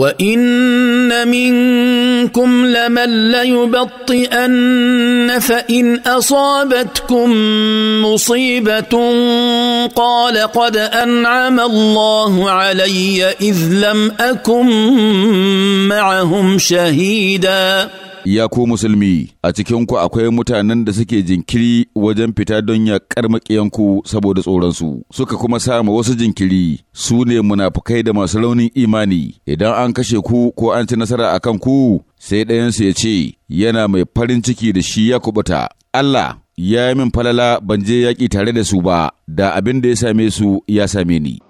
وان منكم لمن ليبطئن فان اصابتكم مصيبه قال قد انعم الله علي اذ لم اكن معهم شهيدا Ya ku musulmi, a cikinku akwai mutanen da suke jinkiri wajen fita don yaƙar maƙiyanku saboda tsoron su suka kuma samu wasu jinkiri su ne munafukai da masu launin imani, idan an kashe ku ko an ci nasara a kan ku, sai ɗayansu ya ce, yana mai farin ciki da shi ya kubuta. Allah ya yi min falala ban je yaƙi tare da su ba, da abin da ya same su ya same ni.